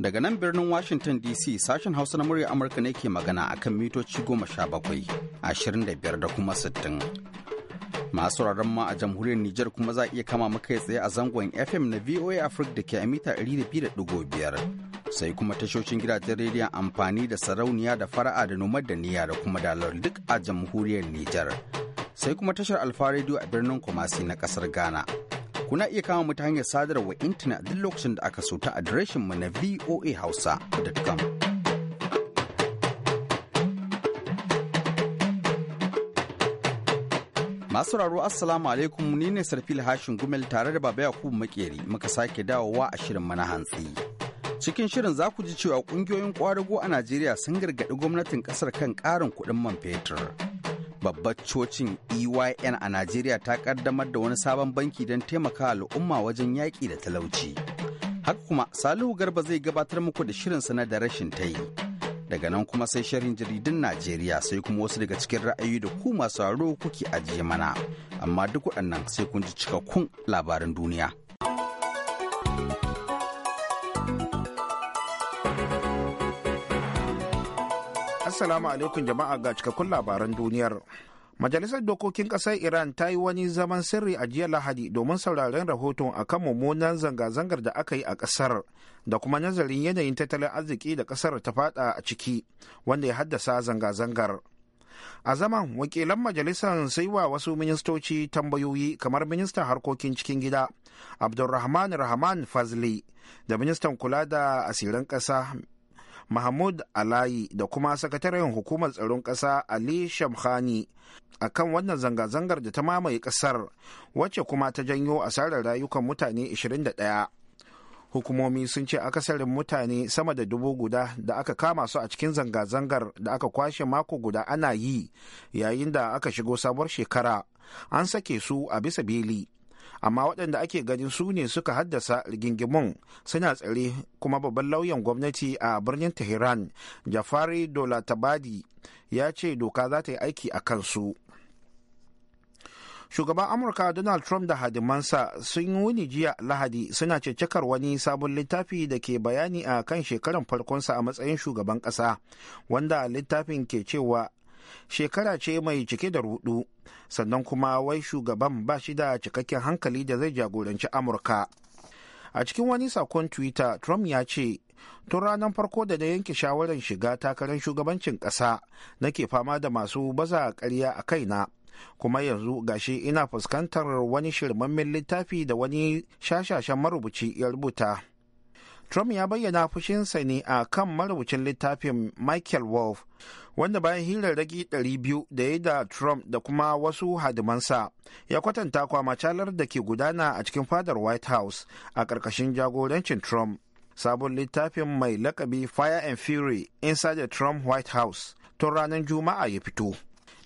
Daga nan birnin Washington DC sashen Hausa na murya Amurka ne ke magana a kan mitoci goma sha bakwai, ashirin da biyar da kuma sittin. Masu sauraron ma a jamhuriyar Nijar kuma za a iya kama maka tsaye a zangon FM na VOA Africa da ke a mita 200.5 sai kuma tashoshin gidajen rediyon amfani da sarauniya da fara'a da noma da niyya da kuma dalar duk a jamhuriyar Nijar. Sai kuma tashar Alfa rediyo a birnin Kumasi na kasar Ghana. Kuna iya kama mu ta hanyar sadarwa intanet duk lokacin da aka so ta adireshin mu na voahausa.com. Masu raro Assalamu alaikum ni ne Sarfil Hashin Gumel tare da Baba Yakubu Makeri muka sake dawowa a shirin mana hantsi. cikin shirin za ku ji cewa kungiyoyin kwadago a najeriya sun gargaɗi gwamnatin ƙasar kan ƙarin kuɗin man fetur babbar cocin EYN a Najeriya ta kaddamar da wani sabon banki don taimaka al'umma wajen yaƙi da talauci. har kuma Salihu Garba zai gabatar muku da shirin sana da rashin ta yi. Daga nan kuma sai shirin jaridun Najeriya sai kuma wasu daga cikin ra'ayi da ku masu kuke ajiye mana. Amma duk waɗannan sai kun ji cikakkun labaran duniya. Assalamu alaikum jama'a ga cikakkun labaran duniyar. Majalisar Dokokin Ƙasar Iran ta yi wani zaman sirri a jiya Lahadi domin sauraren rahoton kan mummunan zanga-zangar da aka yi a ƙasar da kuma nazarin yanayin tattalin arziki da ƙasar ta fada a ciki wanda ya haddasa zanga-zangar. A zaman wakilan majalisar sai wa wasu ministoci tambayoyi kamar ministan harkokin cikin gida Abdulrahman Rahman Fazli da ministan kula da asirin ƙasa mahmud alayi da kuma sakataren hukumar tsaron ƙasa ali shamkhani a kan wannan zanga-zangar da ta mamaye ƙasar wacce kuma ta janyo asarar rayukan mutane 21 hukumomi sun ce akasarin mutane sama da dubu guda da aka kama su a cikin zanga-zangar da aka kwashe mako guda ana yi yayin da aka shigo sabuwar shekara an sake su a bisa beli amma waɗanda ake ganin su ne suka haddasa rigingimun suna tsare kuma babban lauyan gwamnati a birnin tehran jafari dolatabadi ya ce doka za ta yi aiki a kansu shugaban amurka donald trump da hadimansa sun yi wuni jiya lahadi suna cecekar wani sabon littafi da ke bayani a kan shekaran farkonsa a matsayin shugaban kasa wanda littafin ke cewa shekara ce mai cike da rudu sannan kuma wai shugaban ba shi da cikakken hankali da zai jagoranci amurka a cikin wani sakon twitter trump ya ce tun ranar farko da na yanke shawarar shiga takarar shugabancin ƙasa nake fama da masu baza karya a kaina kuma yanzu gashi ina fuskantar wani shirmammen littafi da wani shashashen marubuci ya rubuta trump ya bayyana fushinsa ne a kan marubucin littafin michael wolf wanda bayan hirar hirarraki 200 da ya da Trump da kuma wasu hadimansa ya kwatanta kwamacalar da ke gudana a cikin fadar White House a ƙarƙashin jagorancin Trump. Sabon littafin mai lakabi Fire and Fury Inside the Trump White House tun ranar Juma'a ya fito.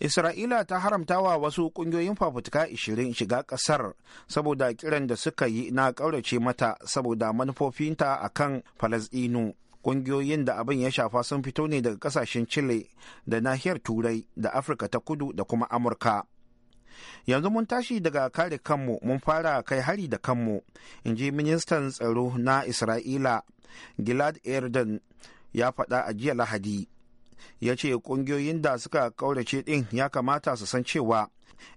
Isra'ila ta haramta wa wasu kungiyoyin fafutuka 20 shiga ƙasar saboda kiran da suka yi na ƙaurace mata saboda manufofinta a kan Falasɗinu. ƙungiyoyin da abin ya shafa sun fito ne daga kasashen chile da nahiyar turai da afirka ta kudu da kuma amurka yanzu mun tashi daga kare kanmu mun fara kai hari da kanmu in ji ministan tsaro na isra'ila gilad erdan ya faɗa a jiya lahadi ya ce ƙungiyoyin da suka ƙaurace ɗin ya kamata su san cewa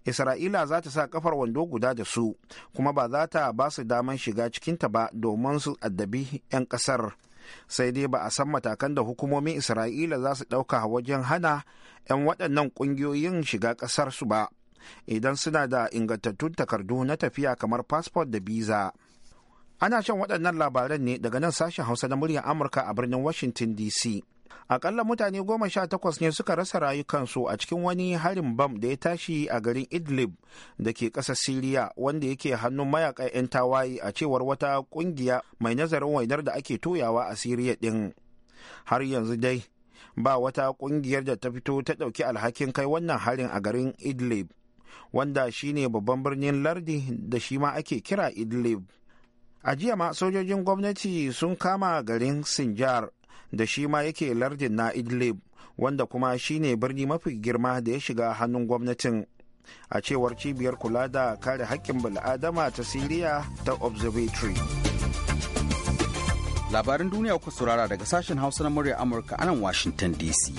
isra'ila za ta sa kafar wando guda da su kuma ba za ta ba su daman shiga cikinta ba domin su addabi 'yan ƙasar sai dai ba a san matakan da hukumomin isra'ila za su ɗauka wajen hana 'yan waɗannan ƙungiyoyin shiga ƙasarsu ba idan suna da ingantattun takardu na tafiya kamar fasfot da biza ana shan waɗannan labaran ne daga nan sashen hausa na muryar amurka a birnin washington dc Akalla mutane goma sha takwas ne suka rasa rayukansu a cikin wani harin bam da ya tashi a garin Idlib da ke ƙasar Siriya wanda yake hannun mayaƙa 'yan tawaye a cewar wata ƙungiya mai nazarin wainar da ake toyawa a Siriya ɗin. Har yanzu dai ba wata ƙungiyar da ta fito ta ɗauki alhakin kai wannan harin a garin Idlib. wanda shine babban birnin lardi da shi ma ake kira idlib a jiya ma sojojin gwamnati sun kama garin sinjar da shi ma yake lardin na idlib wanda kuma shine birni mafi girma da ya shiga hannun gwamnatin a cewar cibiyar kula da kare haƙƙin bil'adama ta siriya ta observatory labarin duniya ku saurara daga sashen hausa na murya amurka a nan washington dc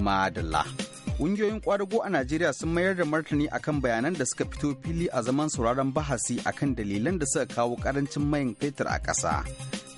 madala. Ƙungiyoyin ƙwadago a Najeriya sun mayar da martani akan bayanan da suka fito fili a zaman sauraron bahasi akan dalilan da suka kawo ƙarancin mayin fetur a ƙasa.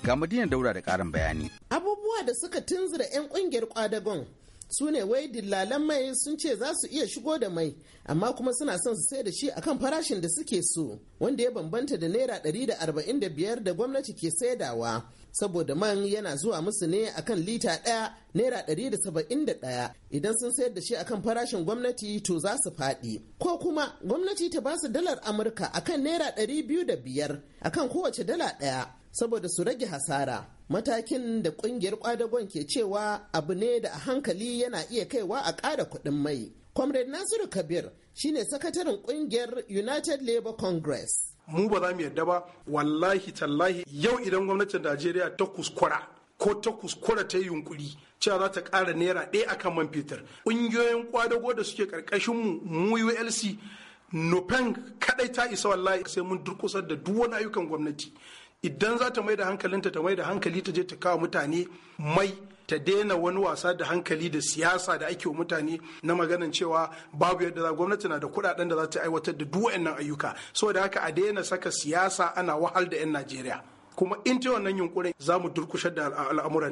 Ga Madina Daura da ƙarin bayani. Abubuwa da suka tunzura 'yan ƙungiyar ƙwadagon su ne wai dillalan mai sun ce za su iya shigo da mai amma kuma suna son su sai da shi akan farashin da suke so wanda ya bambanta da naira 145 da gwamnati ke saidawa saboda man yana zuwa musu ne akan lita ɗaya naira ɗari da saba'in da ɗaya idan sun sayar da shi akan farashin gwamnati to za su faɗi ko kuma gwamnati ta ba su dalar amurka akan naira ɗari biyu da biyar akan kowace dala ɗaya saboda su rage hasara matakin da ƙungiyar kwadagon ke cewa abu ne da a hankali yana iya kaiwa a ƙara kuɗin mai comrade nasiru kabir shine sakataren ƙungiyar united labour congress mu ba za mu yarda ba wallahi tallahi yau idan gwamnatin najeriya ta kuskura ko ta kuskura ta yi yunkuri cewa za ta ƙara naira ɗaya a kan man fetur ƙungiyoyin kwadago da suke ƙarƙashin mu mu ulc nopen kaɗai ta isa wallahi sai mun durkusar da duk wani ayyukan gwamnati idan za ta mai da hankalinta ta mai da hankali ta je ta kawo mutane mai ta daina wani wasa da hankali da siyasa da ake wa mutane na maganan cewa babu yadda za gwamnati na da kuɗaɗen da za ta aiwatar da duk ayyuka saboda haka a daina saka siyasa ana wahal da 'yan Najeriya. kuma in ta wannan yunkurin za mu durkushar da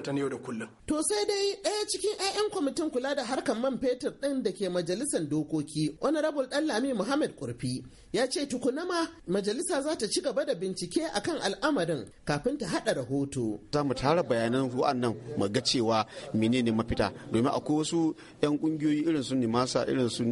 ta ne yau da kullum. To sai dai ɗaya cikin 'ya'yan kwamitin kula da harkar man fetur ɗin da ke majalisar dokoki honorable Ɗanlami Muhammad Kurfi ya ce tukunama majalisa za ta ci gaba da bincike akan al'amarin kafin ta haɗa rahoto. Za mu tara bayanan wa'annan mu ga cewa menene mafita domin akwai wasu 'yan ƙungiyoyi irin su Nimasa irin su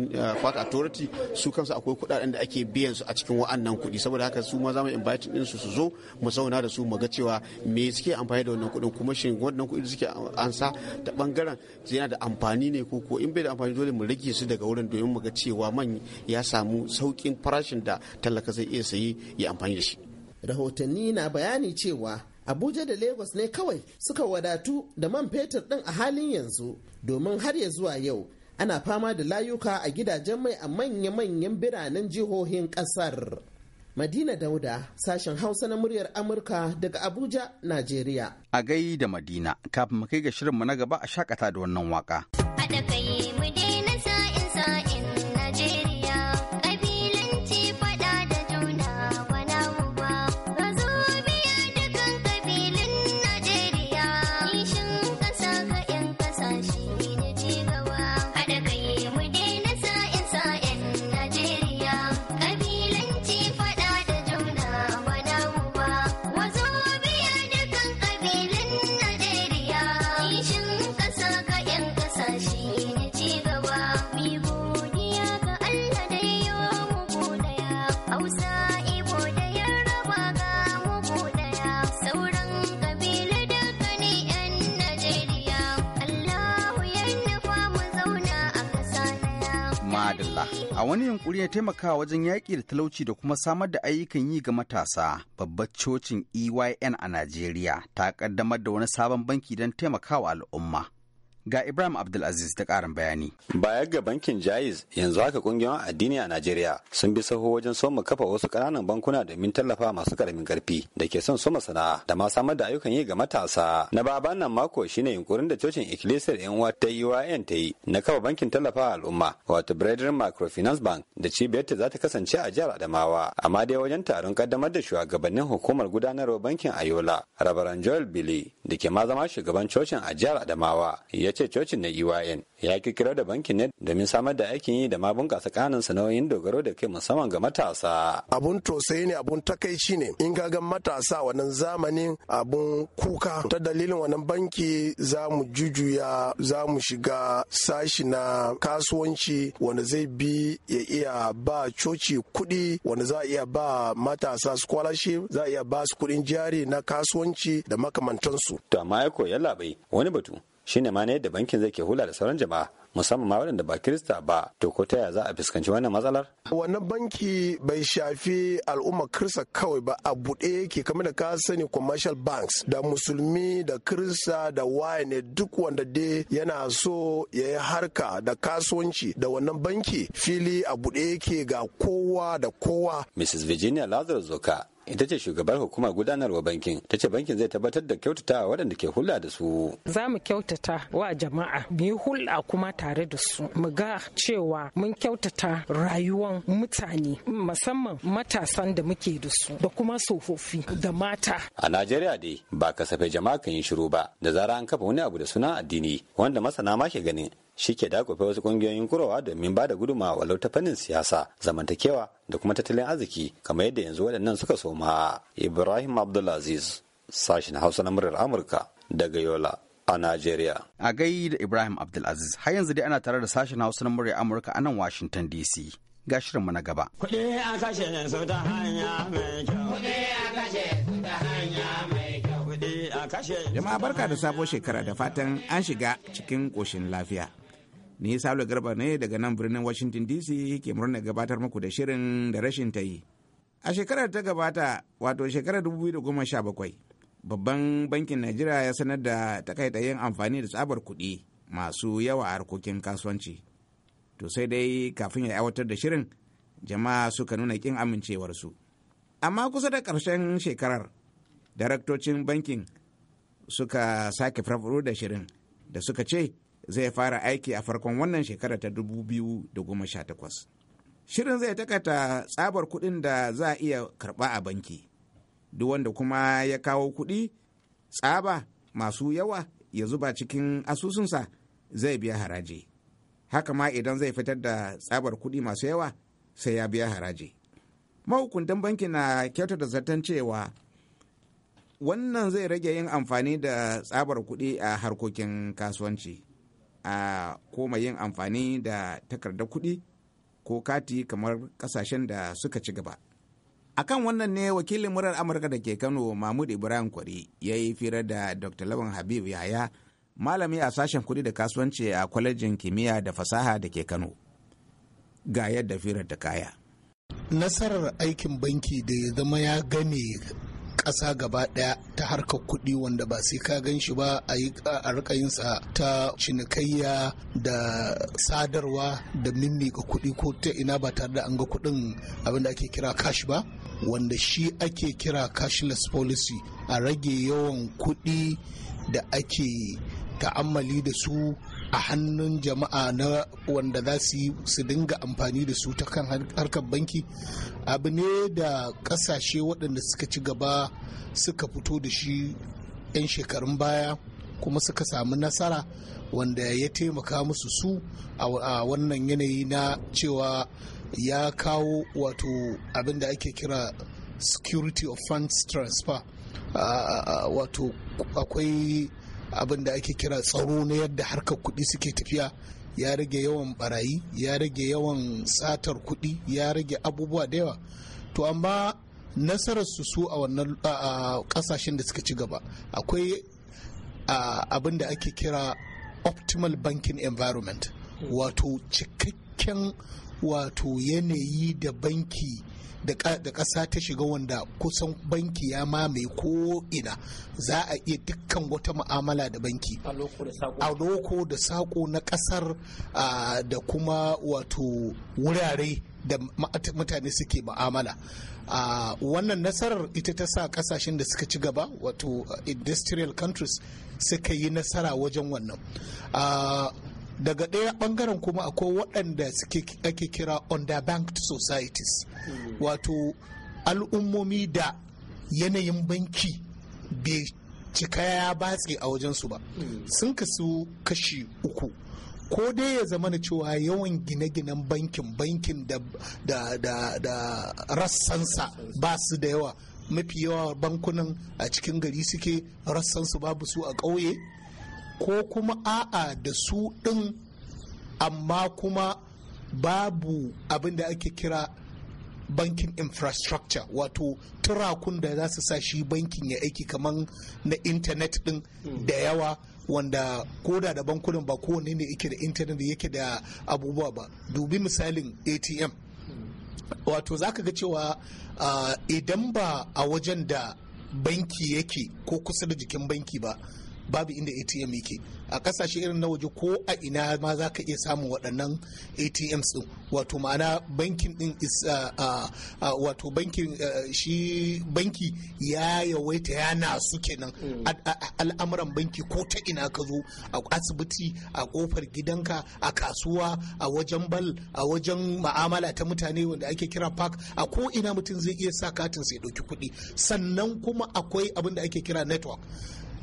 Fat eh, Authority su kansu akwai kuɗaɗen da ake biyan su a cikin wa'annan kuɗi saboda haka su ma za mu invite ɗinsu su zo mu zauna da su su mu ga cewa me suke amfani da wannan kuɗin kuma shin wannan kuɗin suke ansa ta bangaren yana da amfani ne ko in bai da amfani dole mu rage su daga wurin domin mu ga cewa man ya samu saukin farashin da talaka zai iya sayi ya amfani da shi. Rahotanni na bayani cewa Abuja da Lagos ne kawai suka wadatu da man fetur ɗin a halin yanzu domin har ya zuwa yau ana fama da layuka a gidajen mai a manya-manyan biranen jihohin ƙasar. Madina Dauda, sashen Hausa na muryar Amurka daga Abuja, Najeriya. A gai da Madina, kafin mu kai ga shirin mu na gaba a shakata da wannan waka. da kai mu daina sa'in sa'in. Adalla. A wani yunkuri na taimakawa wajen yaƙi da talauci da kuma samar da ayyukan yi ga matasa, babbar cocin EYN a Najeriya ta ƙaddamar da wani sabon banki don taimakawa al'umma. Ga Ibrahim Abdulaziz da ƙarin bayani. Baya ga bankin Jaiz, yanzu haka kungiyoyin addini a Najeriya sun bi saho wajen soma kafa wasu ƙananan bankuna domin tallafa masu ƙaramin ƙarfi da ke son soma sana'a da ma samar da ayyukan yi ga matasa. Na baban nan mako shine yunkurin da cocin Ikkilisiyar yan uwa ta UIN ta yi na kafa bankin tallafa al'umma wato Brethren Microfinance Bank da cibiyar ta za ta kasance a jihar Adamawa amma dai wajen taron kaddamar da shugabannin hukumar gudanarwa bankin Ayola Rabaran Joel Billy da ke ma zama shugaban cocin a jihar Adamawa ya ce cocin na EYN ya kirkiro da bankin ne domin samar da aikin yi da ma bunƙasa kanin sana'o'in dogaro da kai musamman ga matasa. Abun tosai ne abun takaici ne in ga matasa wannan zamanin abun kuka ta dalilin wannan banki za mu jujuya za mu shiga sashi na kasuwanci wanda zai bi ya iya ba coci kuɗi wanda za a iya ba matasa scholarship za a iya ba su kuɗin jari na kasuwanci da makamantansu. tama amma ya labai wani batu shine ma ne yadda bankin zai ke hula da sauran jama'a musamman ma waɗanda ba kirista ba to ko ta yaya za a fuskanci wannan matsalar wannan banki bai shafi al'umma kirista kawai ba a buɗe yake kamar da ka sani commercial banks da musulmi da kirista da waye ne duk wanda dai yana so ya yi harka da kasuwanci da wannan banki fili a buɗe yake ga kowa da kowa mrs virginia lazarus zoka ita ce shugabar hukumar gudanarwa bankin ta ce bankin zai tabbatar da kyautatawa waɗanda ke hulɗa da su za mu kyautata wa jama'a mu yi hulɗa kuma tare da su mu ga cewa mun kyautata rayuwar mutane musamman matasan da muke da su da kuma tsofaffi da mata a najeriya dai ba kasafai jama'a kan yi shiru ba da zara an kafa wani abu da suna addini wanda masana ma ke ganin shi ke dakufe wasu kungiyoyin kurowa domin ba da gudunmawa walau ta fannin siyasa zamantakewa da kuma tattalin arziki kamar yadda yanzu waɗannan suka soma ibrahim abdulaziz sashen hausa na muryar amurka daga yola a Najeriya. A gai da Ibrahim Abdulaziz, har yanzu dai ana tare da sashen Hausa na murya Amurka a nan Washington DC. Ga shirinmu na gaba. Kuɗi a kashe su ta hanya mai kyau. Kuɗi a kashe ta hanya mai kyau. Kuɗi a kashe. Jama'a barka da sabuwar shekara da fatan an shiga cikin ƙoshin lafiya. Ni Salo Garba ne daga nan birnin Washington DC ke murna gabatar muku da shirin da rashin ta yi. A shekarar ta gabata, wato shekarar 2017, babban bankin Najeriya ya sanar da takaita yin amfani da tsabar kuɗi masu yawa a harkokin kasuwanci. To sai dai kafin ya aiwatar da shirin, jama'a suka nuna ƙin amincewarsu. Amma kusa da ƙarshen shekarar, daraktocin bankin suka sake farfaro da shirin da suka ce zai fara aiki a farkon wannan shekarar ta 2018 shirin zai takata tsabar kuɗin da za a iya karɓa a banki duk wanda kuma ya kawo kuɗi tsaba masu yawa ya zuba cikin asusunsa zai biya haraji haka ma idan zai fitar da tsabar kuɗi masu yawa sai ya biya haraji mahukuntan banki na kyautata zaton cewa wannan zai rage yin amfani da tsabar kuɗi a harkokin kasuwanci a koma yin amfani da takardar kuɗi ko kati kamar ƙasashen da suka ci gaba A kan wannan ne wakilin murar amurka da ke kano mahmud ibrahim kwari ya yi fira da dr lawan habib yaya malami a sashen kuɗi da kasuwanci a kwalejin kimiyya da fasaha da ke kano ga yadda firar ta kaya nasarar aikin banki da ya zama ya gane. ƙasa gaba ɗaya ta harkar kuɗi wanda ba sai ka gan shi ba a yi a sa ta cinikayya da sadarwa da mimmiƙa kuɗi ko ta ina ba tare da an ga kuɗin abin da ake kira cash ba wanda shi ake kira cashless policy a rage yawan kuɗi da ake ta'ammali da su a hannun jama'a na wanda za su dinga amfani da su ta kan harkar banki abu ne da kasashe waɗanda suka ci gaba suka fito da shi 'yan shekarun baya kuma suka samu nasara wanda ya taimaka musu su a wannan yanayi na cewa ya kawo wato abin da ake kira security of funds transfer wato akwai abin da ake kira tsaro na yadda harkar kuɗi suke tafiya ya rage yawan barayi ya rage yawan satar kuɗi ya rage abubuwa da yawa to amma nasarar su su a wannan kasashen da suka ci gaba akwai abin da ake kira optimal banking environment wato cikakken wato yanayi da banki da ƙasa ta shiga wanda kusan banki ya mamaye ko ina za a iya dukkan wata mu'amala da banki a loko da sako na ƙasar da kuma wato wurare da mutane suke mu'amala wannan nasarar ita ta sa kasashen da suka ci gaba wato industrial countries suka yi nasara wajen wannan daga ɗaya ɓangaren kuma akwai waɗanda ake kira underbanked societies hmm. wato al'ummomi da yanayin banki bai cika ya batse a wajensu ba hmm. sun kasu kashi uku ko dai ya zama na cewa yawan gine-ginen bankin bankin da, rassansa ba su da yawa mafi yawa bankunan a cikin gari suke rassansu babu su a ƙauye ko kuma a'a da su ɗin amma kuma babu abin da ake kira bankin infrastructure wato turakun da za su sa shi bankin ya aiki kamar na intanet ɗin da yawa wanda koda da bankunan ba kowane ne yake da intanet da yake da abubuwa ba dubi misalin atm wato za ka ga cewa idan ba a wajen da banki yake ko kusa da jikin banki ba babu inda atm yake a kasashe irin na waje ko a ina ma za ka iya samun waɗannan atms din wato ma'ana bankin din uh, uh, uh, wato bankin shi banki ya yawaita yana su kenan mm. al'amuran banki ko ta ina ka zo a asibiti a kofar gidanka a kasuwa a wajen bal a wajen ma'amala ta mutane wanda ake kira park a ko ina mutum zai iya sa katin sai ɗauki kuɗi sannan kuma akwai abin da ake kira network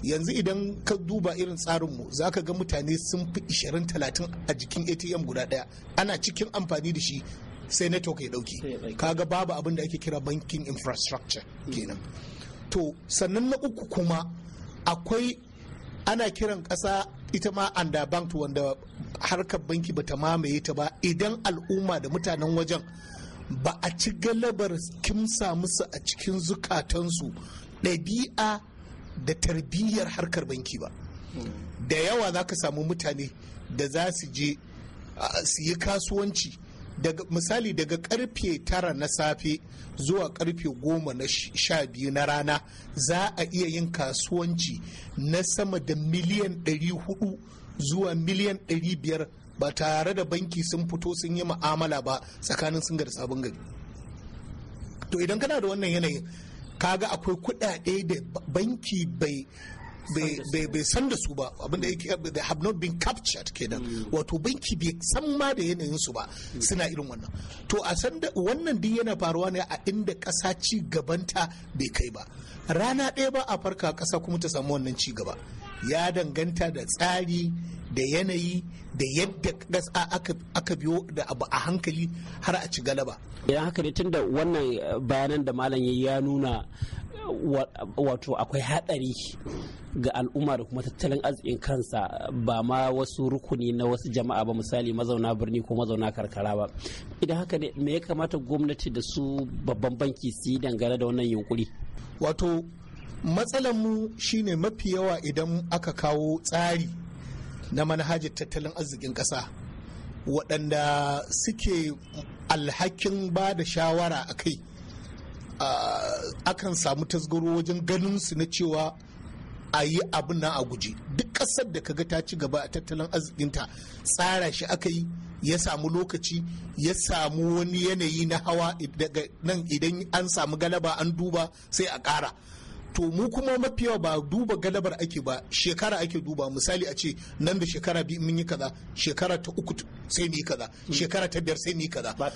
yanzu idan ka duba irin tsarinmu za ka ga mutane sun fi 20-30 a jikin atm guda daya ana cikin amfani da shi sai network ya dauki kaga babu abin da ake kira bankin infrastructure kenan to sannan na uku kuma akwai ana kiran kasa ita ma bank wanda harkar banki bata mamaye ta ba idan al'umma da mutanen wajen ba a ci galabar kimsa musu a cikin zukatansu ɗabi'a da tarbiyyar harkar banki ba da yawa za ka samu mutane da za su je su yi kasuwanci misali daga karfe tara na safe zuwa karfe goma na sha biyu na rana za a iya yin kasuwanci na sama da miliyan ɗari 400 zuwa miliyan ɗari biyar ba tare da banki sun fito sun yi ma'amala ba tsakanin sun da sabon gari to idan kana da wannan yanayin kaga akwai kuɗaɗe da banki bai bai san da su ba abinda yake they have not been captured kenan mm. wato banki bai san ma da yanayin su ba mm. suna irin wannan to a san da wannan duk yana faruwa ne a inda ƙasa ci gabanta bai kai ba rana ɗaya ba a farka ƙasa kuma ta samu wannan ci gaba ya danganta da tsari da yanayi da yadda aka biyo da abu a hankali har a ci galaba idan haka ne tun da wannan eh, bayanan da malam ya nuna wato akwai hadari ga al'umma da kuma tattalin arzikin kansa ba ma wasu rukuni na wasu jama'a ba misali mazauna birni ko mazauna karkara ba idan haka ne me ya kamata gwamnati da su babban banki su yi dangane da wannan yunkuri wato matsalar mu shine mafi yawa idan aka kawo tsari na manhajar tattalin arzikin ƙasa waɗanda suke alhakin ba da shawara a kai akan samu tasgaro wajen ganin su na cewa a yi abin nan a guji duk ƙasar da kaga ta ci gaba a tattalin arzikinta tsara shi aka yi ya samu lokaci ya samu wani yanayi na hawa nan idan an samu galaba an duba sai a ƙara to mu kuma mafi yawa ba duba galabar ake ba shekara ake duba misali a ce nan da shekara biyu mun yi kaza shekara ta uku sai mu yi kaza mm. shekara ta biyar sai mu yi kaza ba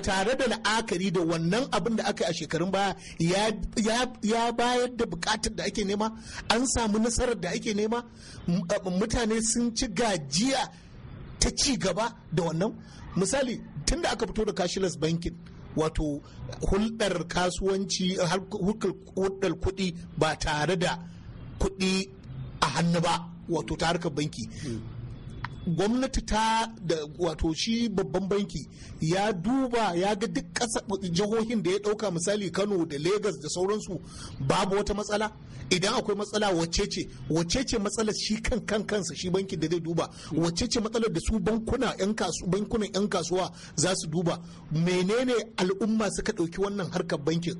tare da la'akari da wannan abin da aka yi a shekarun baya ya bayar da bukatar da ake nema an samu nasarar da ake nema mutane sun ci gajiya ta ci gaba da wannan misali tun da aka fito da cashless banking wato hulɗar kasuwanci hulɗar kuɗi ba tare da kuɗi a hannu ba wato ta harkar banki gwamnati ta da wato shi babban banki ya duba ya ga duk ƙasa jihohin da ya ɗauka misali kano da lagos da sauransu babu wata matsala idan akwai matsala wacce ce wacce ce matsalar shi kan kan kansa shi bankin da zai duba wacce ce matsalar da su bankuna yan kasuwa bankunan yan kasuwa za su duba menene al'umma suka ɗauki wannan harkar bankin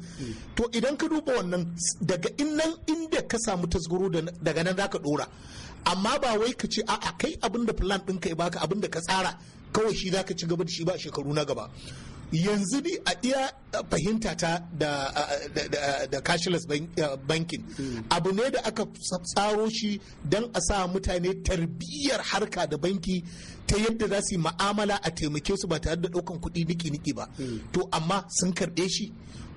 to idan ka duba wannan daga innan inda ka samu tasgaro daga nan zaka ɗora? amma ba wai ka ce a kai abin da plan ɗin ka baka abin da ka tsara kawai shi za ka ci gaba da shi ba shekaru na gaba yanzu ni a iya fahimta ta da, da, cashless eh, banking hmm. abu ne da aka tsaro shi don a sa mutane tarbiyyar harka da banki ta yadda za su yi ma'amala a taimake su ba tare da ɗaukan kuɗi niki-niki ba hmm. to amma sun karɓe shi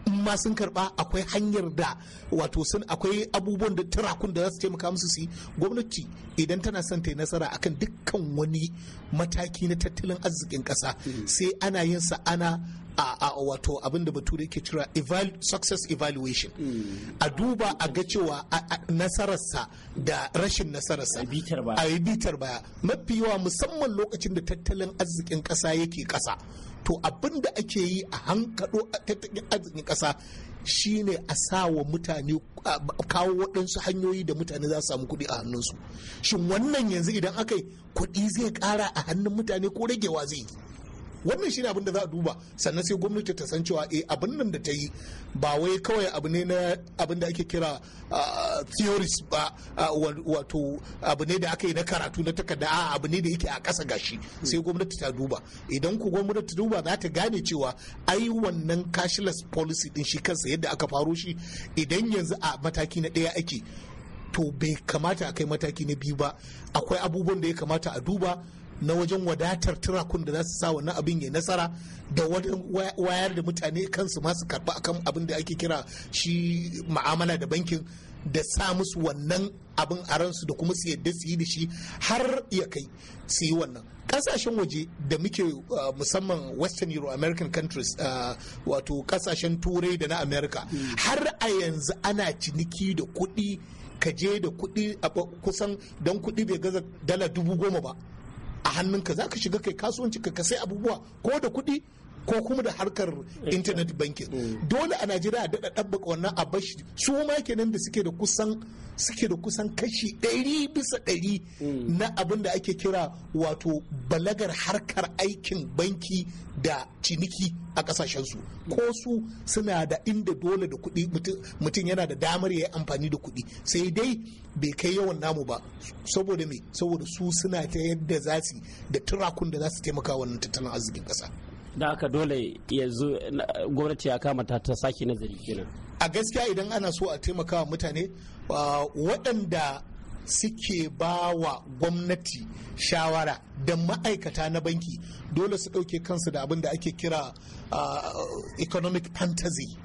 in ma sun karba akwai hanyar da wato sun akwai abubuwan da turakun da za su taimaka musu su gwamnati idan tana son ta yi nasara akan dukkan wani mataki na tattalin arzikin kasa mm. sai ana yin sa ana a wato abin da bature ke cira success evaluation mm. a duba a ga cewa nasararsa da rashin nasararsa a yi bitar baya mafi yawa musamman lokacin da tattalin arzikin kasa yake kasa. to abin da ake yi a a tattalin arzikin ƙasa shine a sa wa mutane kawo waɗansu hanyoyi da mutane za su samu kuɗi a hannunsu shin wannan yanzu idan aka yi kuɗi zai ƙara a hannun mutane ko ragewa zai yi wannan shine abin da za a duba sannan sai gwamnati ta san cewa eh abin nan da ta yi ba wai kawai abu ne na abin da ake kira ah, theories ba ah, wato abu ne da aka yi na karatu na takarda a abu ne da yake a ƙasa gashi sai gwamnati ta duba idan ku gwamnati ta duba za ta gane cewa ai wannan cashless policy din shi kansa yadda aka faro shi idan yanzu a mataki na ɗaya ake to bai kamata a kai mataki na biyu ba akwai abubuwan da ya kamata a duba na wajen wadatar turakun da za su sa wannan abin ya nasara da wajen wayar da mutane kansu masu karba akan abin da ake kira shi ma'amala da bankin da sa musu wannan abin a ransu da kuma su yadda su yi da shi har ya kai su yi wannan kasashen waje da muke uh, musamman western euro american countries uh, wato kasashen turai da na america mm. har a yanzu ana ciniki da kuɗi ka je da kuɗi kusan don kuɗi bai gaza dala dubu goma ba hannunka za ka shiga kai kasuwanci ka sai abubuwa ko da kuɗi ko kuma da harkar internet banking mm. dole a najeriya a daɗa ɗabbaka wannan a bashi su ma kenan da suke da kusan suke da kusan kashi ɗari bisa ɗari mm. na abin da ake kira wato balagar harkar aikin banki da ciniki a kasashensu ko su suna da inda dole da kuɗi mutum yana da damar ya yi amfani da kuɗi sai dai bai kai yawan namu ba saboda me saboda su suna ta yadda za su da turakun da za su taimaka wannan tattalin arzikin ƙasa. da aka dole yanzu gwamnati ya kama ta sake nazari kenan a gaskiya idan ana so a taimaka mutane waɗanda suke ba wa gwamnati shawara da ma'aikata na banki dole su ɗauke kansu da abin da ake kira economic fantasy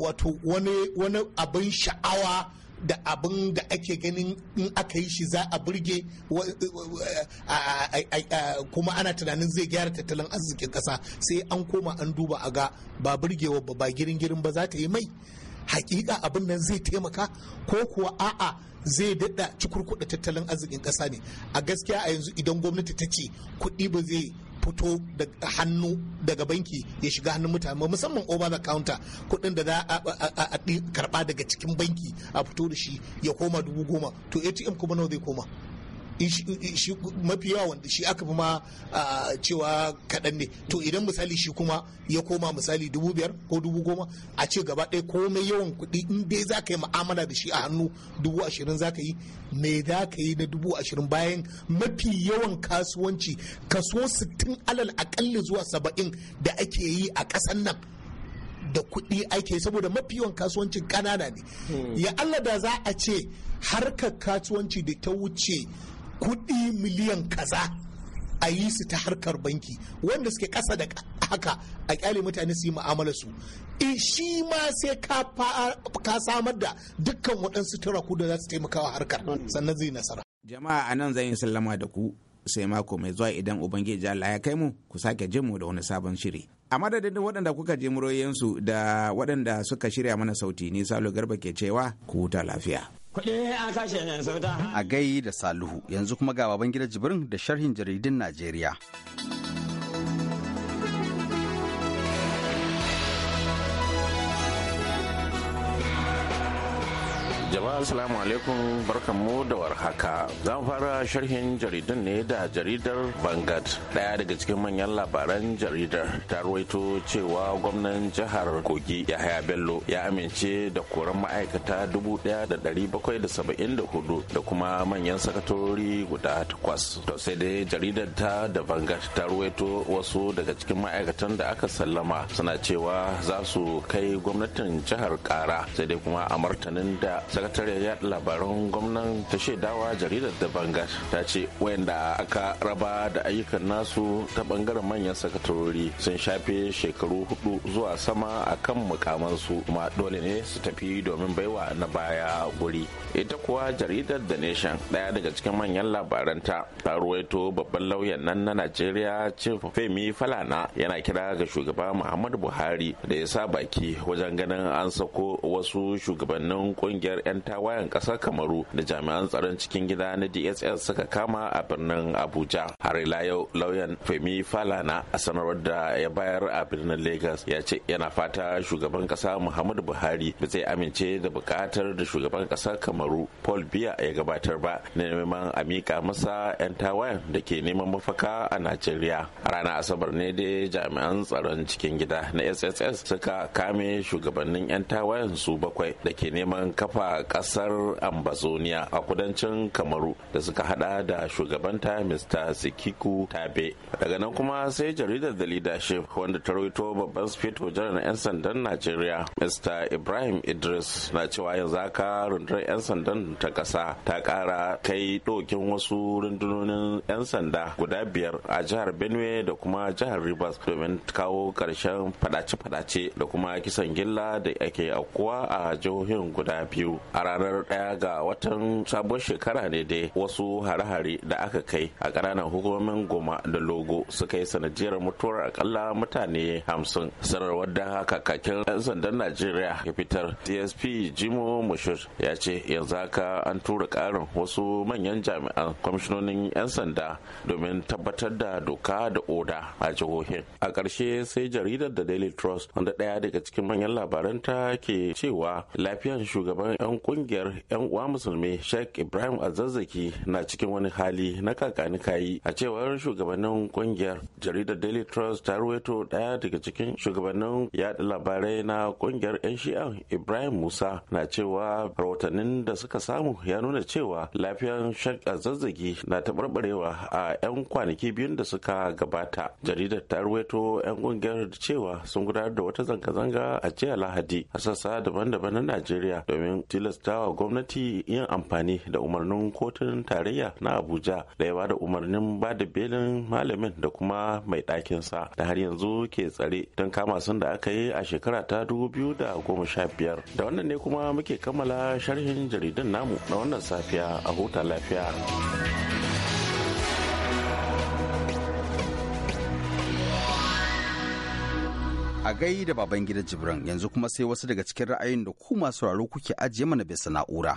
wato wani abin sha'awa da abin da ake ganin in aka yi shi za a burge kuma ana tunanin zai gyara tattalin arzikin kasa sai an koma an duba a ga ba burgewa ba ba girin girin ba za ta yi mai hakika abin nan zai taimaka ko kuwa a'a zai daɗa cikurkuɗa tattalin arzikin ƙasa ne a gaskiya a yanzu idan gwamnati ta ce kuɗi ba zai fito da hannu daga banki ya shiga hannun mutane musamman over the counter kuɗin da za a karɓa daga cikin banki a fito da shi ya koma dubu goma to atm kuma nawa zai koma mafi yawa wanda shi aka fi ma cewa kaɗan ne to idan misali shi kuma ya koma misali dubu biyar ko dubu goma a ce gaba ɗaya komai yawan kuɗi in dai za ka yi ma'amala da shi a hannu dubu ashirin za ka yi me za ka yi na dubu ashirin bayan mafi yawan kasuwanci kaso sittin alal aƙalla zuwa saba'in da ake yi a ƙasan nan da kuɗi ake saboda mafi yawan kasuwancin ƙanana ne hmm. ya Allah da za a ce harkar kasuwanci da ta wuce kuɗi miliyan kaza a yi su ta harkar banki wanda suke kasa da haka a kyale mutane su yi mu'amala su in eh, shi ma sai ka samar da dukkan waɗansu turaku da za su taimakawa harkar sannan zai nasara jama'a a nan zan yi sallama da ku sai mako mai zuwa idan ubangiji Allah ya kai mu ku sake jin mu da wani sabon shiri a madadin waɗanda kuka je muroyensu da waɗanda suka shirya mana sauti ni salo garba ke cewa ku huta lafiya a gai da Saluhu yanzu kuma ga baban gida jibrin da sharhin jaridun Najeriya. jama'a assalamu alaikum barkanmu da warhaka zan fara sharhin jaridun ne da jaridar bangat daya daga cikin manyan labaran jaridar ta ruwaito cewa gwamnan jihar kogi yahaya bello ya amince da koran ma'aikata 1774 da kuma manyan sakatori guda takwas to sai dai jaridar ta da bangat ta ruwaito wasu daga cikin ma'aikatan da aka sallama suna cewa za su kai gwamnatin jihar kara sai dai kuma a martanin da sakatare ya labarun gwamnan ta shaidawa jaridar da bangar ta ce wayanda aka raba da ayyukan nasu ta bangaren manyan sakatarori sun shafe shekaru hudu zuwa sama a kan mukamansu kuma dole ne su tafi domin baiwa na baya guri ita kuwa jaridar da nation daya daga cikin manyan labaranta ta ruwaito babban lauyan nan na najeriya chief femi falana yana kira ga shugaba muhammadu buhari da ya sa baki wajen ganin an sako wasu shugabannin kungiyar 'yan tawayen kasar kamaru da jami'an tsaron cikin gida na dss suka kama a birnin abuja har ila yau lauyan femi falana a sanarwar da ya bayar a birnin lagos ya ce yana fata shugaban kasa muhammadu buhari ba zai amince da bukatar da shugaban kasar kamaru paul biya ya gabatar ba na neman a mika masa 'yan tawayen da ke neman mafaka a najeriya a ranar asabar ne dai jami'an tsaron cikin gida na sss suka kame shugabannin 'yan tawayen su bakwai da ke neman kafa A kasar ambazonia a kudancin kamaru da suka hada da shugabanta mr sikiku tabe daga nan kuma sai jaridar the leadership wanda ta rawaito babban sufeto jiran 'yan sandan najeriya mr ibrahim idris na cewa yanzu haka rundunar 'yan sandan ta kasa ta kara kai dokin wasu rundunonin 'yan sanda guda biyar a jihar benue da kuma jihar rivers domin kawo karshen fadace-fadace da kuma kisan gilla da ake aukuwa a jihohin guda biyu a ranar ɗaya ga watan sabon shekara ne dai wasu hare-hare da aka kai a ƙananan hukumomin goma da logo suka yi sanadiyar mutuwar akalla mutane hamsin sanarwar da kakakin 'yan sandan najeriya ya fitar tsp jimo mushir ya ce yanzu haka an tura ƙarin wasu manyan jami'an kwamishinonin 'yan sanda domin tabbatar da doka da oda a jihohin a ƙarshe sai jaridar da daily trust wanda ɗaya daga cikin manyan ta ke cewa lafiyar shugaban 'yan kungiyar 'yan uwa musulmi Sheikh Ibrahim Azazzaki na cikin wani hali na kakani kayi a cewar shugabannin kungiyar jaridar Daily Trust ta ruwaito daya daga cikin shugabannin yada labarai na kungiyar 'yan shi'an Ibrahim Musa na cewa rahotannin da suka samu ya nuna cewa lafiyar Sheikh Azazzaki na taɓarɓarewa a 'yan kwanaki biyun da suka gabata. Jaridar ta ruwaito 'yan kungiyar cewa sun gudanar da wata zanga-zanga a jiya Lahadi a sassa daban-daban na Najeriya domin tilastawa gwamnati yin amfani da umarnin kotun tarayya na abuja da yawa da umarnin ba da belin malamin da kuma mai ɗakinsa da har yanzu ke tsare don kama sun da aka yi a shekara ta 2015 da wannan ne kuma muke kammala sharhin jaridan namu na wannan safiya a huta lafiya. A gai da baban gidan Jibran yanzu kuma sai wasu daga cikin ra'ayin da ku masu raro kuke ajiye mana bisa na'ura.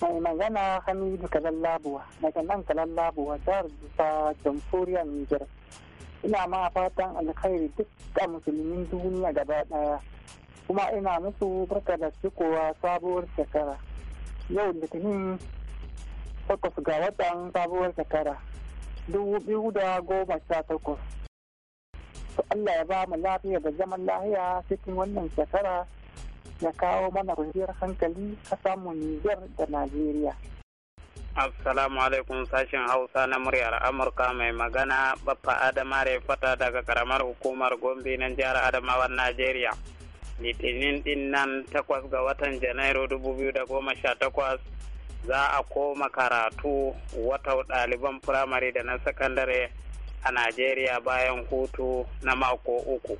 Mai magana Hamidu Kalallabuwa, daga nan Kalallabuwa, jihar Jisa Jamhuriyar Nijar. Ina ma fatan alkhairi da musulmin duniya gaba ɗaya. Kuma ina musu barka da cikowa sabuwar shekara. Yau Litinin takwas ga watan sabuwar shekara dubu biyu da goma sha takwas to Allah ya ba mu lafiya da zaman lahiya cikin wannan shekara ya kawo mana kwanciyar hankali a samun Nijar da Najeriya. Assalamu alaikum sashen Hausa na muryar Amurka mai magana Baffa Adamare Fata daga karamar hukumar Gombe na jihar Adamawa Najeriya. Litinin din nan takwas ga watan Janairu takwas. za a koma karatu wata ɗaliban firamare da na sakandare a najeriya bayan hutu na mako uku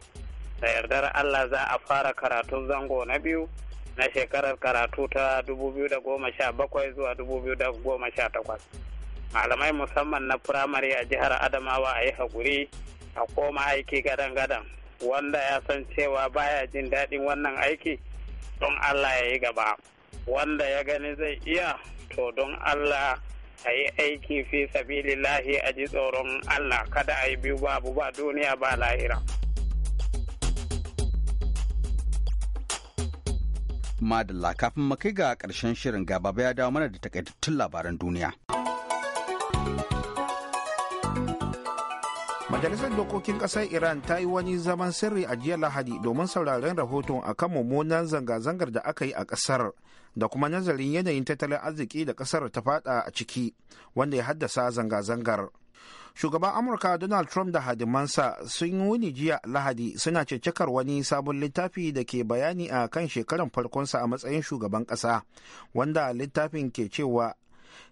da yardar allah za a fara karatun zango na biyu na shekarar karatu ta 2017 zuwa 2018 malamai musamman na firamare a jihar adamawa a yi haƙuri a koma aiki gadan-gadan wanda ya san cewa baya jin daɗin wannan aiki don allah ya yi gaba wanda ya gani zai iya to don Allah a yi aiki fi sabilillahi a ji tsoron Allah kada a yi biyu babu ba duniya ba lahira. Madalla kafin makai ga ƙarshen shirin gaba ya dawo mana da takaitattun labaran duniya. Majalisar Dokokin Ƙasar Iran ta yi wani zaman sirri a jiya Lahadi domin sauraren rahoton akan mummunan zanga-zangar da aka yi a ƙasar da kuma nazarin yanayin tattalin arziki da kasar ta fada a ciki wanda ya haddasa zanga-zangar shugaban amurka donald trump da hadimansa sun yi wuni jiya lahadi suna cecekar wani sabon littafi da ke bayani a kan shekaran farkonsa a matsayin shugaban kasa wanda littafin ke cewa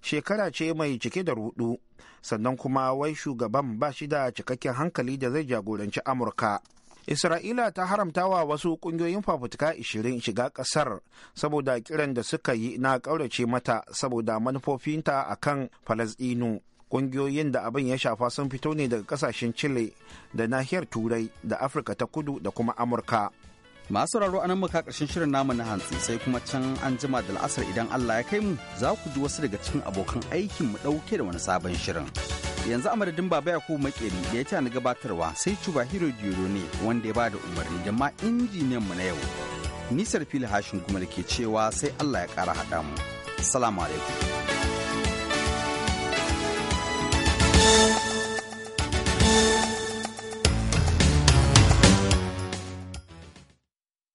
shekara ce mai cike da rudu sannan kuma wai shugaban ba shi da cikakken hankali da zai jagoranci amurka Isra'ila ta haramta wa wasu kungiyoyin fafutuka 20 shiga kasar saboda kiran da suka yi na ƙaurace mata saboda manufofinta a kan Falasɗinu. Kungiyoyin da abin ya shafa sun fito ne daga kasashen Chile da nahiyar Turai da Afirka ta kudu da kuma Amurka. Masu sauraro anan muka karshen shirin namu na hantsi sai kuma can an jima da la'asar idan Allah ya kai mu za ku ji wasu daga cikin abokan aikin mu ɗauke da wani sabon shirin. Yanzu a madadin Baba ya Yakubu Makeri da ya ta ni gabatarwa sai Cuba Hiro Diro ne wanda ya ba da umarni da ma injiniyan mu na yau. Nisar fili hashin kuma da ke cewa sai Allah ya kara haɗa mu. assalamu alaikum.